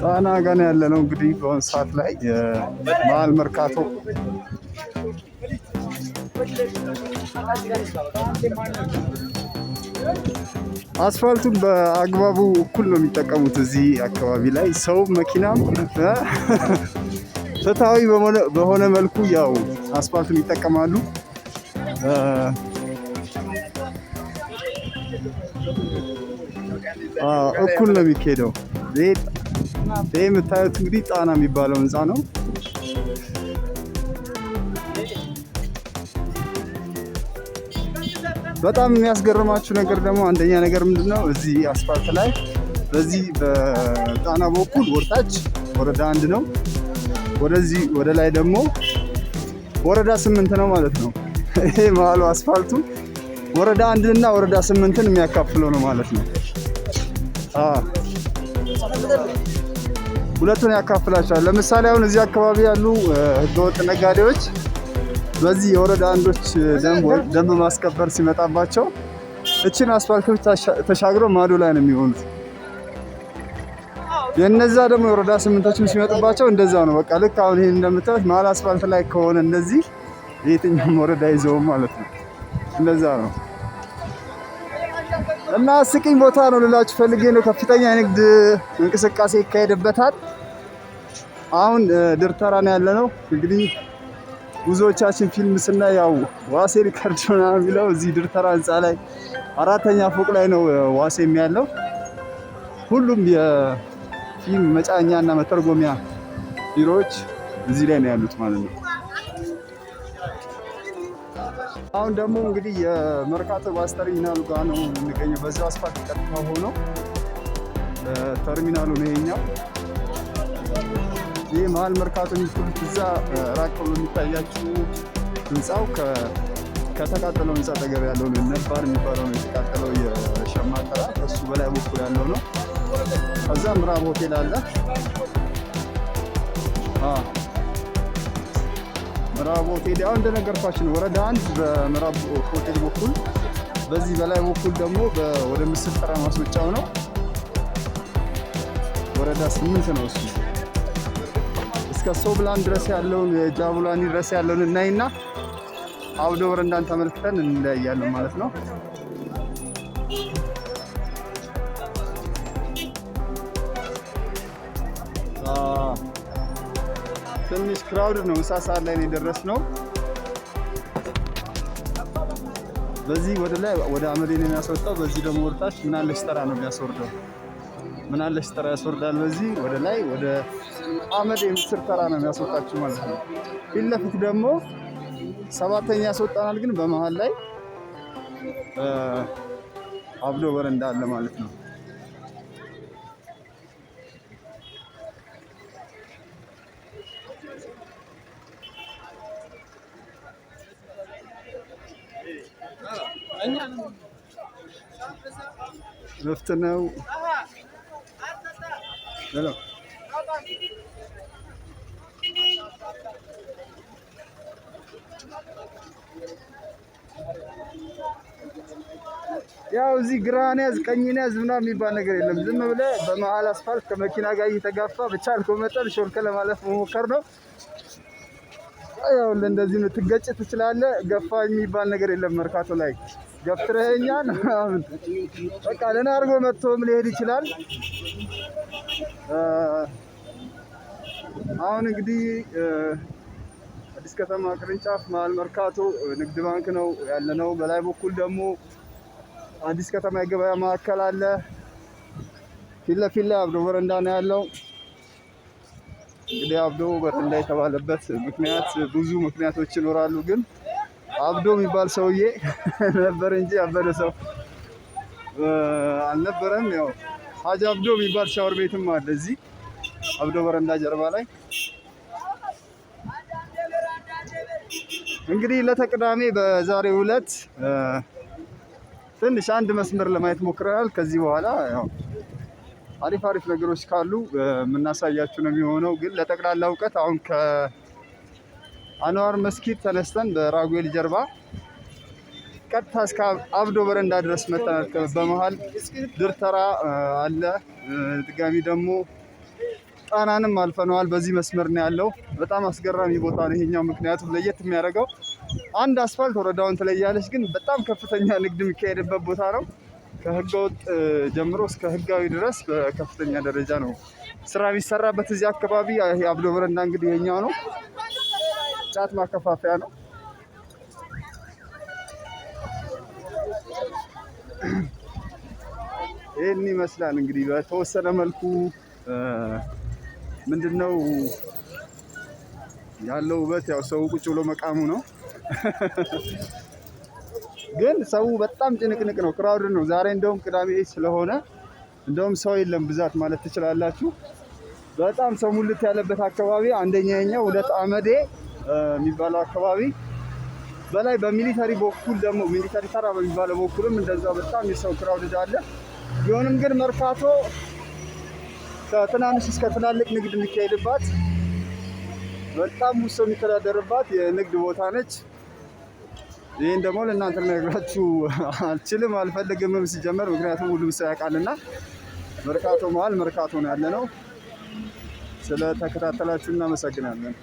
ጣና ጋና ያለ ነው እንግዲህ በአሁን ሰዓት ላይ መሀል መርካቶ አስፋልቱን በአግባቡ እኩል ነው የሚጠቀሙት እዚህ አካባቢ ላይ ሰው መኪናም ፍትሐዊ በሆነ መልኩ ያው አስፋልቱን ይጠቀማሉ። እኩል ነው የሚካሄደው። ይህ የምታዩት እንግዲህ ጣና የሚባለው ህንፃ ነው። በጣም የሚያስገርማችሁ ነገር ደግሞ አንደኛ ነገር ምንድን ነው እዚህ አስፋልት ላይ በዚህ በጣና በኩል ወርታች ወረዳ አንድ ነው፣ ወደዚህ ወደ ላይ ደግሞ ወረዳ ስምንት ነው ማለት ነው። ይሄ መሀሉ አስፋልቱ ወረዳ አንድንና ወረዳ ስምንትን የሚያካፍለው ነው ማለት ነው። ሁለቱን ያካፍላቸዋል። ለምሳሌ አሁን እዚህ አካባቢ ያሉ ህገወጥ ነጋዴዎች በዚህ የወረዳ አንዶች ደንብ ማስከበር ሲመጣባቸው እችን አስፋልት ተሻግሮ ማዶ ላይ ነው የሚሆኑት። የነዛ ደግሞ የወረዳ ስምንቶችም ሲመጡባቸው እንደዛ ነው። በቃ ልክ አሁን ይህን እንደምታዩት መሀል አስፋልት ላይ ከሆነ እንደዚህ የትኛውም ወረዳ ይዘውም ማለት ነው። እንደዛ ነው እና አስቂኝ ቦታ ነው ልላችሁ ፈልጌ ነው። ከፍተኛ የንግድ እንቅስቃሴ ይካሄድበታል። አሁን ድርተራ ነው ያለነው። እንግዲህ ብዙዎቻችን ፊልም ስናይ ያው ዋሴ ሪከርድ ምናምን የሚለው እዚህ ድርተራ ህንፃ ላይ አራተኛ ፎቅ ላይ ነው ዋሴ ያለው። ሁሉም የፊልም መጫኛ እና መተርጎሚያ ቢሮዎች እዚህ ላይ ነው ያሉት ማለት ነው። አሁን ደግሞ እንግዲህ የመርካቶ ባስ ተርሚናሉ ጋር ነው የምንገኘው። በዚያው አስፋልት ቀጥታ ሆኖ ተርሚናሉ ነው ይሄኛው። መሀል መርካቶ የሚገቡት እዛ ራቅ ብሎ የሚታያችው ህንፃው ከተቃጠለው ህንፃ አጠገብ ያለው ነው። ነባር የሚባለው ነው የተቃጠለው የሸማ ጥራ ከሱ በላይ በኩል ያለው ነው። ከዛ ምዕራብ ሆቴል አለ። ምዕራብ ሆቴል ያው እንደነገርኳችሁ ነው። ወረዳ አንድ በምዕራብ ሆቴል በኩል በዚህ በላይ በኩል ደግሞ ወደ ምስል ጠራ ማስወጫው ነው። ወረዳ ስምንት ነው እሱ እስከ ሶብላን ድረስ ያለውን ጃቡላኒ ድረስ ያለውን እናይና አብዶ በረንዳን ተመልክተን እንለያያለን ማለት ነው። ትንሽ ክራውድ ነው። ምሳ ሰዓት ላይ ነው በዚህ ወደ ላይ ወደ አመዴ የሚያስወጣው። በዚህ ደግሞ ወርታች ምናለች ተራ ነው የሚያስወርደው። ምናለሽ ሲጠራ ያስወርዳል። በዚህ ወደ ላይ ወደ አመድ የምስር ተራ ነው የሚያስወጣችሁ ማለት ነው። ፊት ለፊት ደግሞ ሰባተኛ ያስወጣናል፣ ግን በመሀል ላይ አብዶ በረንዳ አለ ማለት ነው። ነው። ચલો ያው እዚህ ግራህን ያዝ ቀኝን ያዝ ምናምን የሚባል ነገር የለም። ዝም ብለህ በመሀል አስፋልት ከመኪና ጋር እየተጋፋ ብቻ አልከው መጠን ሾልከ ለማለፍ መሞከር ነው። ያው እንደዚህ የምትገጭ ትችላለህ። ገፋ የሚባል ነገር የለም። መርካቶ ላይ ገፍትረኸኛል ምናምን በቃ ለና አድርጎ መጥቶም ሊሄድ ይችላል። አሁን እንግዲህ አዲስ ከተማ ቅርንጫፍ መሀል መርካቶ ንግድ ባንክ ነው ያለነው። በላይ በኩል ደግሞ አዲስ ከተማ የገበያ ማዕከል አለ። ፊት ለፊት ላይ አብዶ በረንዳ ነው ያለው። እንግዲህ አብዶ በረንዳ የተባለበት ምክንያት ብዙ ምክንያቶች ይኖራሉ፣ ግን አብዶ የሚባል ሰውዬ ነበር እንጂ ያበደ ሰው አልነበረም። ያው ሀጅ አብዶ የሚባል ሻወር ቤትም አለ እዚህ አብዶ በረንዳ ጀርባ ላይ እንግዲህ ለተቅዳሜ በዛሬው ዕለት ትንሽ አንድ መስመር ለማየት ሞክረናል። ከዚህ በኋላ ያው አሪፍ አሪፍ ነገሮች ካሉ የምናሳያችሁ ነው የሚሆነው። ግን ለጠቅላላ እውቀት አሁን ከአንዋር መስጊድ ተነስተን በራጉኤል ጀርባ ቀጥታ እስከ አብዶ በረንዳ ድረስ መጠናት በመሀል ድርተራ አለ። ድጋሚ ደግሞ ጣናንም አልፈነዋል። በዚህ መስመር ነው ያለው። በጣም አስገራሚ ቦታ ነው ይሄኛው። ምክንያቱም ለየት የሚያደርገው አንድ አስፋልት ወረዳውን ትለያለች፣ ግን በጣም ከፍተኛ ንግድ የሚካሄድበት ቦታ ነው። ከህገወጥ ጀምሮ እስከ ህጋዊ ድረስ በከፍተኛ ደረጃ ነው ስራ የሚሰራበት እዚህ አካባቢ። አብዶ በረንዳ እንግዲህ ይሄኛው ነው። ጫት ማከፋፈያ ነው። ይህን ይመስላል እንግዲህ በተወሰነ መልኩ ምንድነው ያለው ውበት ያው ሰው ቁጭ ብሎ መቃሙ ነው። ግን ሰው በጣም ጭንቅንቅ ነው፣ ክራውድ ነው። ዛሬ እንደውም ቅዳሜ ስለሆነ እንደውም ሰው የለም ብዛት ማለት ትችላላችሁ። በጣም ሰው ሙልት ያለበት አካባቢ አንደኛኛው ሁለት አመዴ የሚባለው አካባቢ በላይ በሚሊተሪ በኩል ደግሞ ሚሊተሪ ተራ በሚባለው በኩልም እንደዛው በጣም የሰው ክራውድ አለ። ቢሆንም ግን መርካቶ ከትናንሽ እስከ ትላልቅ ንግድ የሚካሄድባት በጣም ውስጥ የሚተዳደርባት የንግድ ቦታ ነች። ይህን ደግሞ ለእናንተ ነግራችሁ አልችልም አልፈልግምም ሲጀመር፣ ምክንያቱም ሁሉም ሰው ያውቃልና መርካቶ መሀል መርካቶ ነው ያለ ነው። ስለተከታተላችሁ እናመሰግናለን።